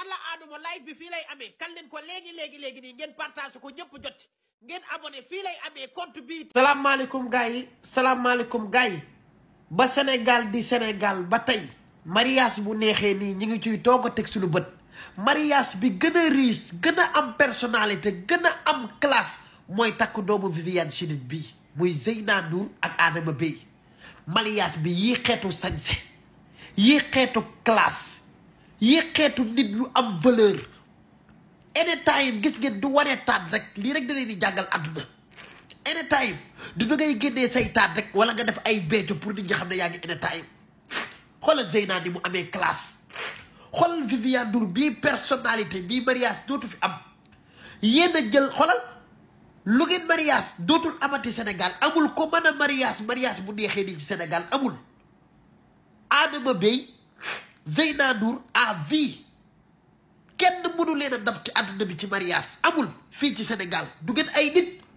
alla aaduma live bi fii lay amee kan leen ko léegi léegi léegi nii ngeen partage ko ñëpp jot ngeen abonné fii lay amee compte bi. salaamaaleykum gars yi salaamaaleykum gars ba Sénégal di Sénégal ba tey mariage bu neexee nii ñu ngi ciy toog a teg suñu bët mariage bi gën a riche gën a am personnalité gën a am classe mooy takk doomu Viviane Chidid bi muy Zeyna Ndour ak Adama Bey mariage bi yii xeetu sañse yii xeetu classe. yi xeetu nit yu am valeur anytime gis ngeen du waree taat rek lii rek da leen jàggal jàngal àdduna anytime du da ngay génnee say taat rek wala nga def ay bécco pour nit ñi xam ne yaa ngi anytime xoolal Zeyna mu amee classe xoolal Viviane Ndour bii personnalité bii mariage dootu fi am yéen jël xoolal lu ngeen mariage dootul amati Sénégal amul ko mën a mariage bu neexee nii ci Sénégal amul Adama Bey Zeyna à vie kenn mënu leen a dab ci àdduna bi ci mariage amul fii ci Sénégal du ngeen ay nit